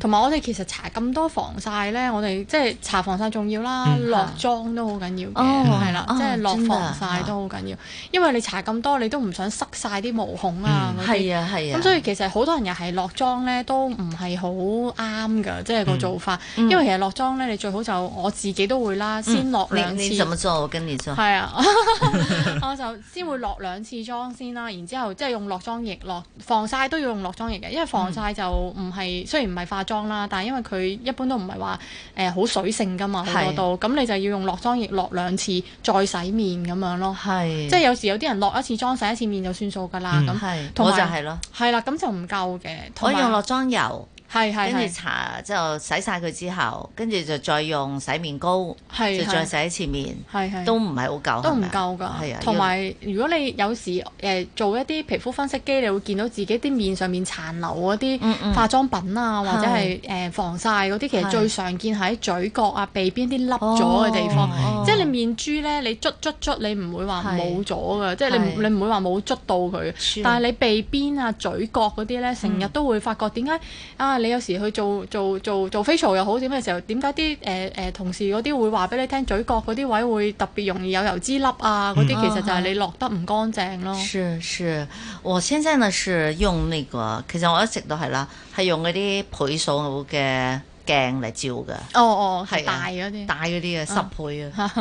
同埋、嗯、我哋其實搽咁多防晒呢，我哋即係搽防晒重要啦，落、嗯、妝都好緊要嘅。係、嗯、啦，落防晒都好緊要，因為你搽咁多，你都唔想塞晒啲毛孔啊。係啊、嗯、係啊，咁、啊、所以其實好多人又係落妝咧，都唔係好啱㗎，即係個做法、嗯。因為其實落妝咧，你最好就我自己都會啦，嗯、先落兩次。你，你點做？我跟住做。係啊， 我就先會落兩次妝先啦，然之後即係用落妝液落防晒都要用落妝液嘅，因為防晒就唔係、嗯、雖然唔係化妝啦，但係因為佢一般都唔係話誒好水性㗎嘛，嗰度咁你就要用落妝液落兩次再，洗面咁樣咯，係即係有時有啲人落一次妝洗一次面就算數噶啦，咁、嗯，我就係咯，係啦，咁就唔夠嘅，可以用落妝油。係係，跟住搽之後洗晒佢之後，跟住就再用洗面膏，係係係就再洗前面，係都唔係好夠，都唔夠㗎，係啊。同埋如果你有時誒、呃、做一啲皮膚分析機，你會見到自己啲面上面殘留嗰啲化妝品啊，嗯嗯或者係誒、呃、防曬嗰啲，其實最常見喺嘴角啊、鼻邊啲凹咗嘅地方。哦嗯、即係你面珠咧，你捽捽捽，你唔會話冇咗㗎，即係你唔你唔會話冇捽到佢。但係你鼻邊啊、嘴角嗰啲咧，成日都會發覺點解、嗯、啊？你有時去做做做做 facial 又好點嘅時候，點解啲誒誒同事嗰啲會話俾你聽，嘴角嗰啲位會特別容易有油脂粒啊？嗰、嗯、啲、哦、其實就係你落得唔乾淨咯。是是，我先生呢是用那個，其實我一直都係啦，係用嗰啲倍數好嘅。鏡嚟照㗎，哦哦，係大咗啲、啊，大咗啲啊，十倍啊！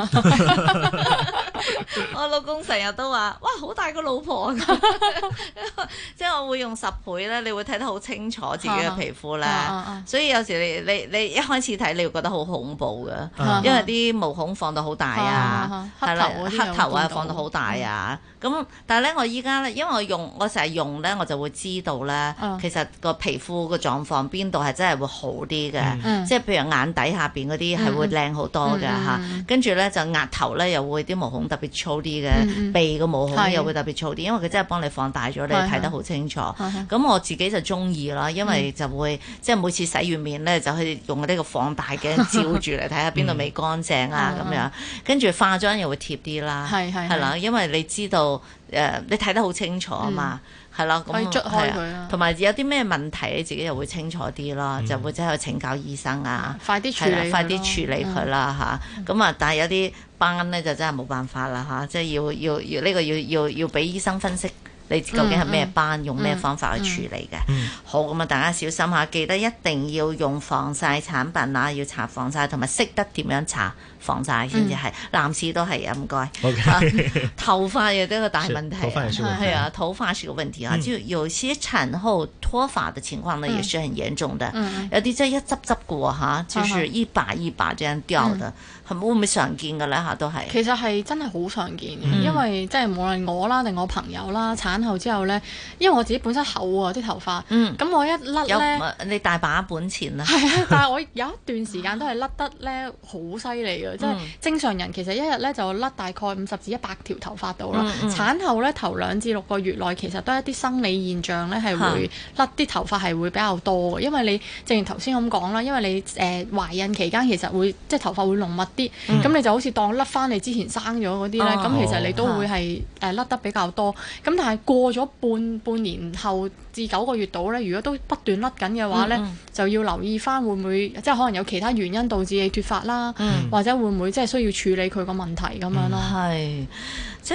我老公成日都話，哇，好大個老婆啊、即係 我會用十倍咧，你會睇得好清楚自己嘅皮膚呢、啊啊啊。所以有時你你你一開始睇，你會覺得好恐怖嘅、啊，因為啲毛孔放到好大啊，啊，啊，啊，啊，黑頭黑頭啊放到好大啊。咁、嗯嗯、但係咧，我依家咧，因為我用我成日用咧，我就會知道咧、嗯，其實個皮膚個狀況邊度係真係會好啲嘅。嗯、即係譬如眼底下邊嗰啲係會靚好多嘅吓，跟住咧就額頭咧又會啲毛孔特別粗啲嘅、嗯，鼻個毛孔又會特別粗啲，因為佢真係幫你放大咗，你睇得好清楚。咁我自己就中意啦，因為就會即係每次洗完面咧，就可以用呢個放大鏡照住嚟睇下邊度未乾淨啊咁樣，跟住化妝又會貼啲啦，係係，係啦，因為你知道、呃、你睇得好清楚啊嘛。係咯，咁係啊，同埋有啲咩問題，你自己又會清楚啲咯、嗯，就會走去請教醫生啊。嗯、快啲處理，快啲處理佢啦吓，咁、嗯、啊，但係有啲斑咧就真係冇辦法啦吓，即、就、係、是、要要要呢個要要要俾醫生分析。你究竟係咩斑？用咩方法去處理嘅、嗯嗯？好咁啊，大家小心一下，記得一定要用防曬產品啊，要搽防曬，同埋識得點樣搽防曬先至係。男士都係、okay、啊，唔該。頭髮亦都一個大問題，係啊，脫髮是、啊、頭髮是一個問題啊、嗯。就有些產後脫髮的情況呢，也是很嚴重的。嗯嗯、有啲真係一執執過吓，就是一把一把這樣掉的。嗯嗯係冇，會唔會常見㗎咧？嚇都係，其實係真係好常見嘅、嗯、因為即係無論我啦定我朋友啦，產後之後咧，因為我自己本身厚啊啲頭髮，咁、嗯、我一甩咧，你大把本錢啦，係啊！ 但係我有一段時間都係甩得咧好犀利嘅，即係正常人其實一日咧就甩大概五十至一百條頭髮到啦。產、嗯嗯、後咧頭兩至六個月內其實都係一啲生理現象咧，係會甩啲頭髮係會比較多嘅，因為你正如頭先咁講啦，因為你誒、呃、懷孕期間其實會即係頭髮會濃密。啲、嗯、咁你就好似當甩翻你之前生咗嗰啲咧，咁、哦、其實你都會係誒甩得比較多，咁但係過咗半半年後，至九個月度咧，如果都不斷甩緊嘅話咧、嗯嗯，就要留意返會唔會，即係可能有其他原因導致你脫髮啦，嗯、或者會唔會真係需要處理佢個問題咁、嗯、樣啦。係，即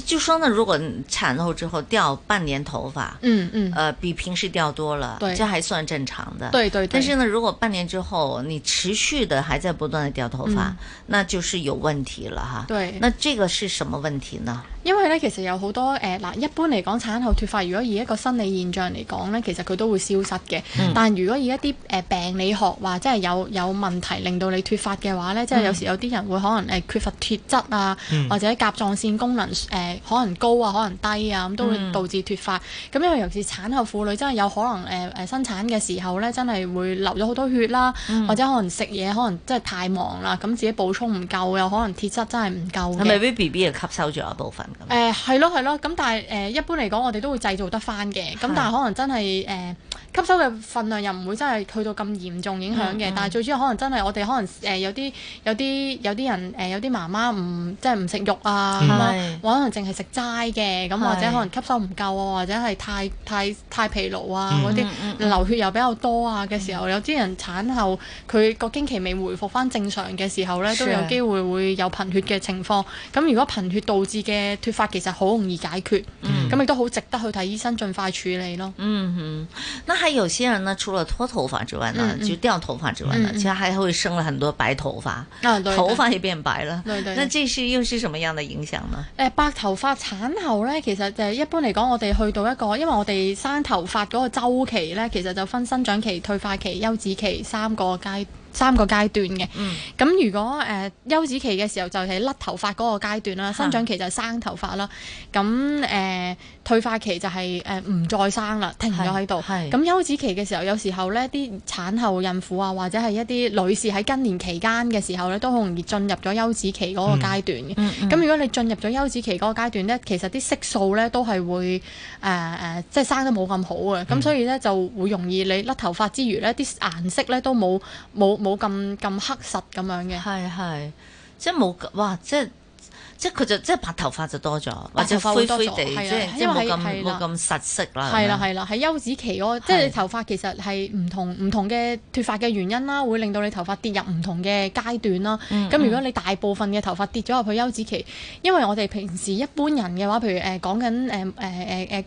係，就說呢，如果產後之後掉半年頭髮，嗯嗯，誒、呃，比平時掉多了，這還算正常的。對，對對。但是呢，如果半年之後你持續的還在不斷的掉頭髮、嗯，那就是有問題了哈。對。那這個是什麼問題呢？因為咧，其實有好多誒嗱、呃，一般嚟講產後脫髮，如果以一個生理現象嚟講咧，其實佢都會消失嘅、嗯。但如果以一啲病理學或即係有有問題令到你脫髮嘅話咧、嗯，即係有時有啲人會可能缺乏鐵質啊、嗯，或者甲狀腺功能、呃、可能高啊，可能低啊，咁都會導致脫髮。咁、嗯、因為尤其是產後婦女，真係有可能、呃、生產嘅時候咧，真係會流咗好多血啦、啊嗯，或者可能食嘢可能真係太忙啦，咁自己補充唔夠，又可能鐵質真係唔夠。係咪 B B B 又吸收咗一部分？誒係咯係咯，咁但係誒、呃、一般嚟講，我哋都會製造得翻嘅。咁但係可能真係誒、呃、吸收嘅份量又唔會真係去到咁嚴重嘅影響嘅、嗯嗯。但係最主要可能真係我哋可能誒、呃、有啲有啲、呃、有啲人誒有啲媽媽唔即係唔食肉啊，嗯嗯、可能淨係食齋嘅，咁或者可能吸收唔夠啊，或者係太太太疲勞啊嗰啲、嗯嗯嗯、流血又比較多啊嘅時候，嗯、有啲人產後佢個經期未回復翻正常嘅時候咧、嗯，都有機會會有貧血嘅情況。咁如果貧血導致嘅脫髮其實好容易解決，咁亦都好值得去睇醫生，盡快處理咯。嗯哼，那喺有些人呢，除了脱頭髮之外呢，呢、嗯嗯、就掉頭髮之外，呢，嗯嗯其實還會生了很多白頭髮啊，對，頭髮也變白了。對，那這是又是什麼樣的影響呢？誒、呃，白頭髮產後咧，其實就係一般嚟講，我哋去到一個，因為我哋生頭髮嗰個周期咧，其實就分生長期、退化期、休止期三個階。三個階段嘅，咁、嗯、如果誒、呃、休止期嘅時候就係甩頭髮嗰個階段啦，生長期就係生頭髮啦，咁誒。退化期就係誒唔再生啦，停咗喺度。咁休止期嘅時候，有時候呢啲產後孕婦啊，或者係一啲女士喺更年期間嘅時候呢，都好容易進入咗休止期嗰個階段。咁、嗯、如果你進入咗休止期嗰個階段呢，其實啲色素呢都係會誒誒、呃，即係生得冇咁好嘅。咁、嗯、所以呢，就會容易你甩頭髮之餘呢啲顏色呢都冇冇冇咁咁黑實咁樣嘅。係係，即係冇哇，即係。即係佢就即係白頭髮就多咗，或者灰灰地，因係即係咁冇咁實色啦。係啦係啦，喺休止期嗰，即係你頭髮其實係唔同唔同嘅脫髮嘅原因啦，會令到你頭髮跌入唔同嘅階段啦。咁、嗯嗯、如果你大部分嘅頭髮跌咗入去休止期，嗯嗯因為我哋平時一般人嘅話，譬如誒講緊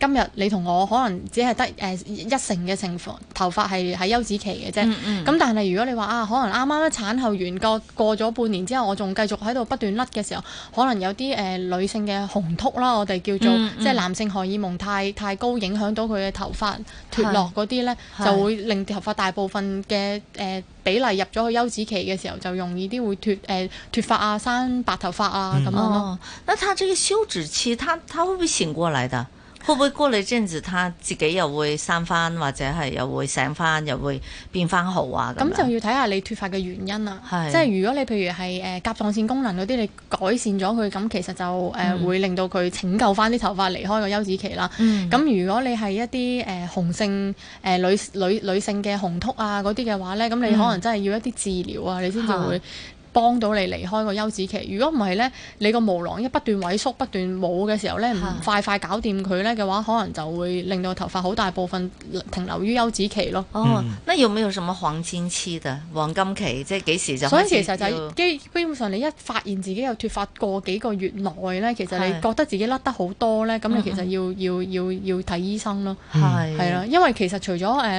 今日你同我可能只係得誒一成嘅情況，頭髮係喺休止期嘅啫。咁、嗯嗯、但係如果你話啊，可能啱啱產後完個過咗半年之後，我仲繼續喺度不斷甩嘅時候，可能有啲誒、呃、女性嘅雄禿啦，我哋叫做、嗯嗯、即係男性荷爾蒙太太高，影響到佢嘅頭髮脫落嗰啲咧，就會令頭髮大部分嘅誒、呃、比例入咗去休止期嘅時候，就容易啲會脫誒、呃、脫髮啊，生白頭髮啊咁、嗯、樣咯、哦。那他這個休止期，他他會不會醒過來的？會唔會過你陣時，他自己又會生翻，或者係又會醒翻，又會變翻好啊？咁就要睇下你脫髮嘅原因啦。即係如果你譬如係誒甲狀腺功能嗰啲，你改善咗佢，咁其實就誒、呃嗯、會令到佢拯救翻啲頭髮離開個休止期啦。咁、嗯、如果你係一啲誒雄性誒、呃、女女女性嘅雄禿啊嗰啲嘅話呢，咁你可能真係要一啲治療啊、嗯，你先至會。幫到你離開個休止期。如果唔係咧，你個毛囊一不斷萎縮、不斷冇嘅時候咧，唔、嗯、快快搞掂佢咧嘅話，可能就會令到頭髮好大部分停留於休止期咯。哦，那有沒有什麼黃金期嘅黃金期，即係幾時就？所以其實就基基本上你一發現自己有脫髮過幾個月內咧，其實你覺得自己甩得好多咧，咁你其實要要要要睇醫生咯。係係啦，因為其實除咗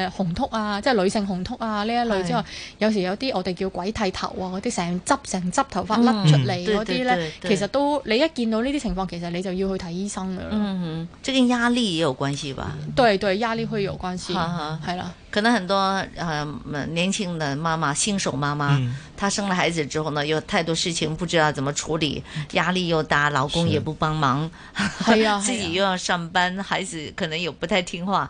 誒雄禿啊，即係女性雄禿啊呢一類之外，有時有啲我哋叫鬼剃頭啊嗰啲成。執成執頭髮甩出嚟嗰啲咧，嗯、對對對對其實都你一見到呢啲情況，其實你就要去睇醫生㗎啦。嗯嗯，即係壓力也有關係吧？對對，壓力會有關係，係啦。嗯哈哈可能很多，呃、嗯，年輕的媽媽，新手媽媽、嗯，她生了孩子之後呢，有太多事情不知道怎麼處理，壓力又大，老公也不幫忙，係 啊，自己又要上班、啊，孩子可能又不太聽話，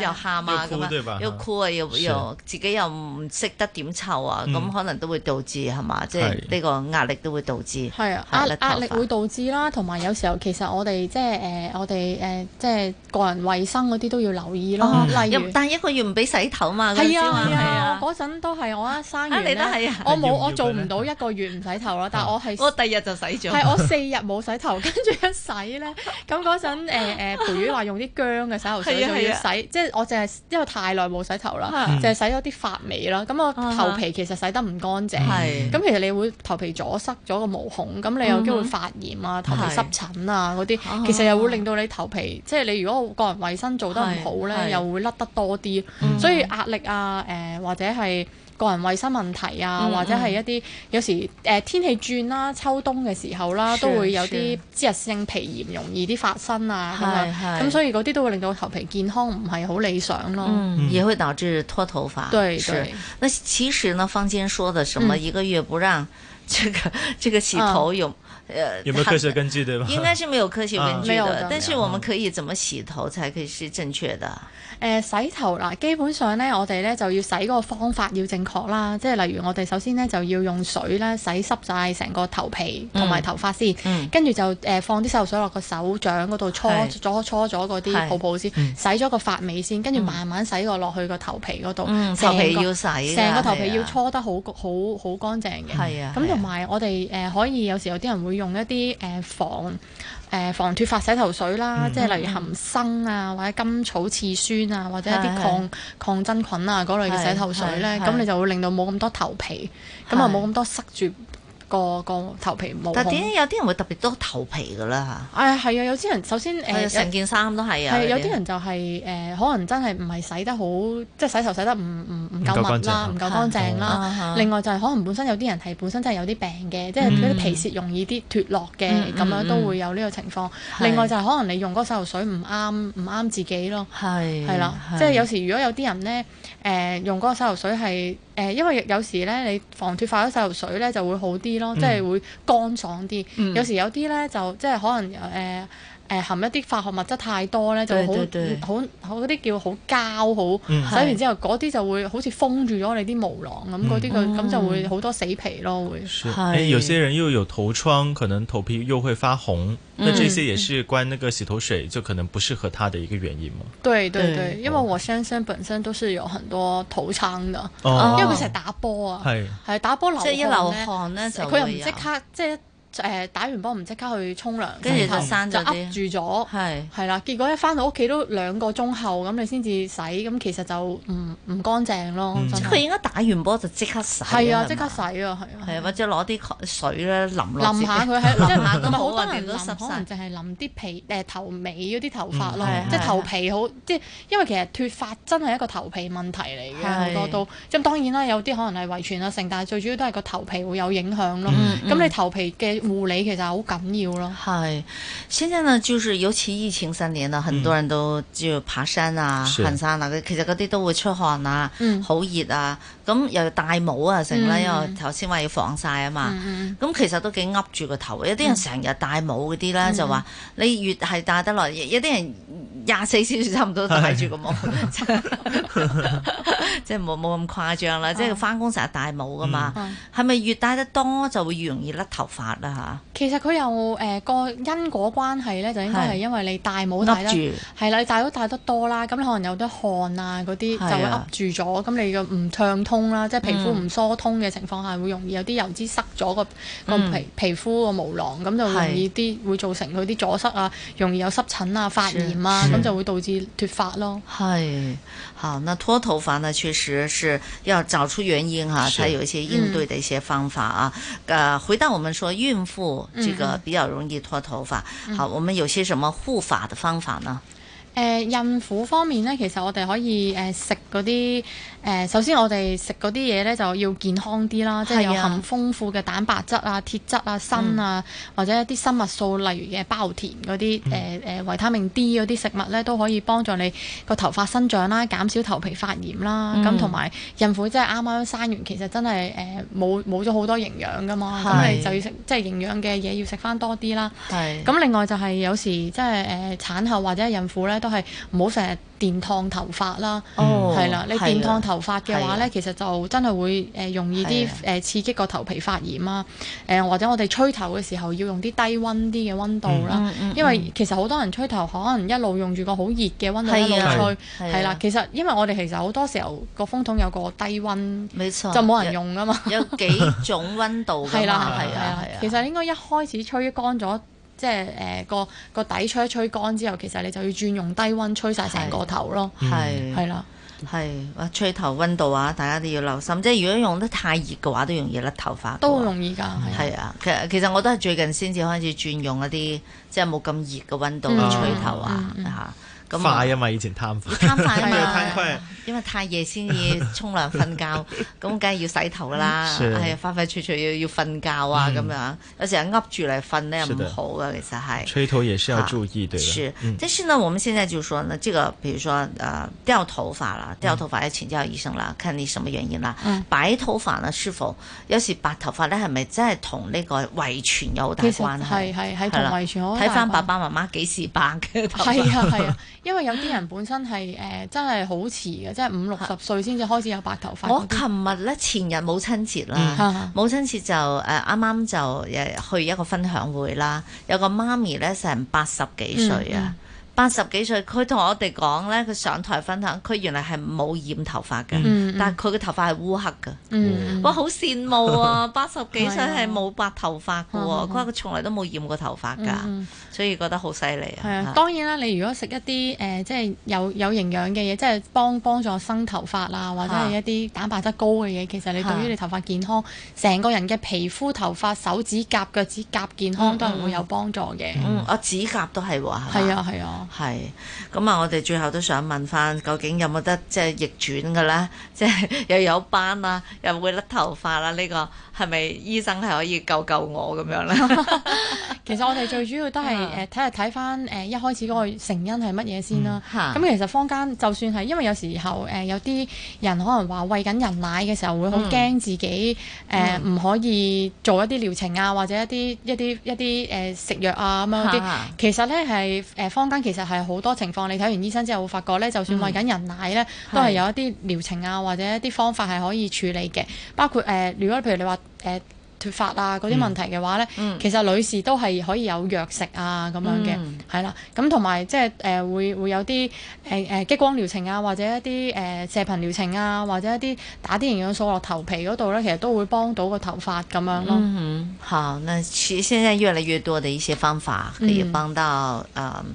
要、 嗯啊、蝦媽咁樣，又 哭又又、啊、自己又唔識得點湊啊，咁、嗯、可能都會導致係嘛，即係呢個壓力都會導致，係啊，壓力壓力會導致啦，同埋有，有時候其實我哋即係誒，我哋誒，即、呃、係、呃呃呃呃呃呃、個人衛生嗰啲都要留意咯，啊、例一個月唔俾洗頭嘛？係啊係啊！嗰陣都係我一生啊，你都係啊！我冇我做唔到一個月唔洗頭啦，但我係我第日就洗咗。係我四日冇洗頭，跟、啊、住 一洗咧，咁嗰陣誒培如話用啲薑嘅洗頭水，仲、 啊、要洗，啊、即係我淨係因為太耐冇洗頭啦，淨係、啊、洗咗啲髮尾啦。咁、啊、我頭皮其實洗得唔乾淨，咁、啊、其實你會頭皮阻塞咗個毛孔，咁、啊、你有機會發炎啊，頭皮濕疹啊嗰啲、啊，其實又會令到你頭皮、啊、即係你如果個人衞生做得唔好咧、啊，又會甩得多。嗯、所以壓力啊，誒、呃、或者係個人衞生問題啊，嗯嗯或者係一啲有時誒、呃、天氣轉啦、啊、秋冬嘅時候啦、啊，都會有啲脂溢性皮炎，容易啲發生啊，咁啊，咁、嗯嗯、所以嗰啲都會令到頭皮健康唔係好理想咯。而也會導致脫頭髮、嗯。對，是。那其實呢，坊間說的什麼一個月不讓這個、嗯、這個洗頭有。嗯。誒、嗯，有冇科學根據對吧？應該是沒有科學根據的、嗯，但是我們可以怎麼洗頭才可以是正確的？誒、呃，洗頭啦，基本上咧，我哋咧就要洗嗰個方法要正確啦，即係例如我哋首先咧就要用水咧洗濕晒成個頭皮同埋頭髮先，嗯嗯、跟住就誒、呃、放啲洗頭水落個手掌嗰度搓咗搓咗嗰啲泡泡先，洗咗個髮尾先，跟住慢慢洗個落去個頭皮嗰度、嗯，頭皮要洗成個頭皮要搓得好好好乾淨嘅，係啊，咁同埋我哋誒、呃、可以有時有啲人會。用一啲誒防誒防脫髮洗頭水啦，即係例如含生啊，或者甘草次酸啊，或者一啲抗是是抗真菌啊嗰類嘅洗頭水咧，咁你就會令到冇咁多頭皮，咁啊冇咁多塞住。個個頭皮冇。但點解有啲人會特別多頭皮㗎啦？嚇、哎？係啊，有啲人首先誒成、呃、件衫都係啊。係啊，有啲人就係、是、誒、呃，可能真係唔係洗得好，即、就、係、是、洗頭洗得唔唔唔夠密啦，唔夠乾淨啦、啊啊。另外就係、是、可能本身有啲人係本身真係有啲病嘅、嗯，即係嗰啲皮屑容易啲脫落嘅，咁、嗯、樣都會有呢個情況。嗯嗯、另外就係、是、可能你用嗰個洗頭水唔啱，唔啱自己咯。係係啦，即係有時如果有啲人咧誒、呃、用嗰個洗頭水係。誒、呃，因為有時咧，你防脫髮洗頭水咧，就會好啲咯，嗯、即係會乾爽啲。嗯、有時有啲咧，就即係可能誒。呃誒，含一啲化學物質太多咧，就好好好啲叫好膠好、嗯，洗完之後嗰啲就會好似封住咗你啲毛囊咁，嗰啲佢咁就會好、嗯、多死皮咯，會。係、欸，有些人又有頭瘡，可能頭皮又會發紅、嗯，那這些也是關那個洗頭水、嗯、就可能不適合他的一個原因嘛。對對對，對因為我先生本身都是有很多頭瘡的、哦，因為佢成日打波啊，係、哦，係打波流，流他有，即係一流汗咧，佢又唔即刻即。誒、呃、打完波唔即刻去沖涼，跟住頭生啲，就住咗，係係啦。結果一翻到屋企都兩個鐘後，咁你先至洗，咁其實就唔唔乾淨咯。佢應該打完波就即刻洗，係啊，即刻洗啊，係啊，或者攞啲水咧淋下淋下佢喺，即係好多人都可能淨係淋啲皮誒、呃、頭尾嗰啲頭髮咯，嗯嗯、即係頭皮好，即係因為其實脫髮真係一個頭皮問題嚟嘅，好多都。咁當然啦，有啲可能係遺傳啊，性但係最主要都係個頭皮會有影響咯。咁你頭皮嘅。護理其實好緊要咯。係，先生呢，就是尤其疫情三年啊，很多人都要爬山啊，行山啊，其實嗰啲都會出汗啊，好、嗯、熱啊，咁又要戴帽啊成啦，因為頭先話要防曬啊嘛，咁、嗯嗯、其實都幾噏住個頭，有啲人成日戴帽嗰啲啦，就、嗯、話你越係戴得耐，有啲人廿四小時差唔多戴住個帽， 即係冇冇咁誇張啦，哦、即係翻工成日戴帽噶嘛，係、嗯、咪越戴得多就會越容易甩頭髮啦？其實佢又誒個因果關係咧，就應該係因為你戴帽戴啦，係啦，你戴帽戴得多啦，咁、嗯、可能有啲汗啊嗰啲、啊、就會噏住咗，咁、嗯、你個唔暢通啦，即、就、係、是、皮膚唔疏通嘅情況下，會容易有啲油脂塞咗個個皮、嗯、皮膚個毛囊，咁就容易啲會造成佢啲阻塞啊，容易有濕疹啊、發炎啊，咁就會導致脫髮咯。係，嚇，那脫頭髮呢，確實是要找出原因啊，才有一些應對的一些方法啊。嗯、啊回到我們說孕婦這個比較容易脫頭髮，嗯嗯，好，我們有些什麼護髮的方法呢？誒、呃，孕婦方面呢，其實我哋可以誒、呃、食嗰啲。呃、首先我哋食嗰啲嘢咧就要健康啲啦，啊、即係有含豐富嘅蛋白質啊、鐵質啊、鋅啊、嗯，或者一啲生物素，例如嘅包田嗰啲誒維他命 D 嗰啲食物咧，都可以幫助你個頭髮生長啦，減少頭皮發炎啦。咁同埋孕婦即係啱啱生完，其實真係冇冇咗好多營養㗎嘛，咁你就要食即係營養嘅嘢要食翻多啲啦。咁另外就係有時即係誒、呃、產後或者孕婦咧，都係唔好成日。電燙頭髮啦，係啦，你電燙頭髮嘅話咧，其實就真係會誒容易啲誒刺激個頭皮發炎啦。誒或者我哋吹頭嘅時候要用啲低温啲嘅温度啦，因為其實好多人吹頭可能一路用住個好熱嘅温度一路吹，係啦，其實因為我哋其實好多時候個風筒有個低温，就冇人用㗎嘛，有幾種温度㗎嘛，係啊係啊，其實應該一開始吹乾咗。即係誒個個底吹一吹乾之後，其實你就要轉用低温吹晒成個頭咯，係、嗯、係啦，係啊，吹頭温度啊，大家都要留心。即係如果用得太熱嘅話，都容易甩頭髮，都容易㗎。係啊，其實其實我都係最近先至開始轉用一啲即係冇咁熱嘅温度嘅、嗯、吹頭啊嚇。嗯。快啊嘛！以前貪快，貪 快嘛、啊，因為太夜先要沖涼瞓覺，咁梗係要洗頭啦，係啊快快脆脆要要瞓覺啊咁、嗯、樣，而且握住嚟瞓咧又唔好啊。其實係吹頭也需要注意，啊、對，是、嗯，但是呢，我們現在就說呢，這個，譬如說誒掉、呃、頭髮啦，掉頭髮要請教醫生啦、嗯，看你什麼原因啦，嗯、白頭髮呢是否？有時白頭髮咧係咪真係同呢個遺傳有大關係？係係同遺傳，睇翻爸爸媽媽幾時白嘅頭髮，係啊係啊。 因為有啲人本身係誒、 呃、真係好遲嘅，即係五六十歲先至開始有白頭髮。我琴日咧，前日母親節啦，嗯、哈哈母親節就誒啱啱就誒去一個分享會啦，有個媽咪咧成八十幾歲啊。嗯嗯八十幾歲，佢同我哋講咧，佢上台分享，佢原來係冇染頭髮嘅、嗯，但係佢嘅頭髮係烏黑嘅、嗯。哇，好羨慕啊！八十幾歲係冇白頭髮嘅喎，佢話佢從來都冇染過頭髮㗎、嗯，所以覺得好犀利啊！係、啊、當然啦，你如果食一啲、呃、即係有有營養嘅嘢，即係幫幫助生頭髮啊，或者係一啲蛋白質高嘅嘢、啊，其實你對於你頭髮健康，成個人嘅皮膚、頭髮、手指甲、腳趾甲健康、嗯、都係會有幫助嘅、嗯。我啊指甲都係喎。係啊，係啊。係，咁啊，我哋最後都想問翻，究竟有冇得即係逆轉㗎啦？即 係、啊、又有斑啦、啊，又會甩頭髮啦，呢個。係咪醫生係可以救救我咁樣咧？ 其實我哋最主要都係誒睇下，睇翻誒一開始嗰個成因係乜嘢先啦。咁、嗯、其實坊間就算係因為有時候誒、呃、有啲人可能話喂緊人奶嘅時候會好驚自己誒唔、嗯呃嗯、可以做一啲療程啊，或者一啲一啲一啲誒、呃、食藥啊咁樣啲。其實咧係誒坊間其實係好多情況，你睇完醫生之後會發覺咧，就算喂緊人奶咧，都係有一啲療程啊，或者一啲方法係可以處理嘅。包括誒，如、呃、果譬如你話，誒脫髮啊嗰啲問題嘅話咧、嗯嗯，其實女士都係可以有藥食啊咁樣嘅，係、嗯、啦，咁同埋即係誒會會有啲誒誒激光療程啊，或者一啲誒、呃、射頻療程啊，或者一啲打啲營養素落頭皮嗰度咧，其實都會幫到個頭髮咁樣咯。嗯，好，那其實現在越嚟越多嘅一些方法可以幫到啊。嗯嗯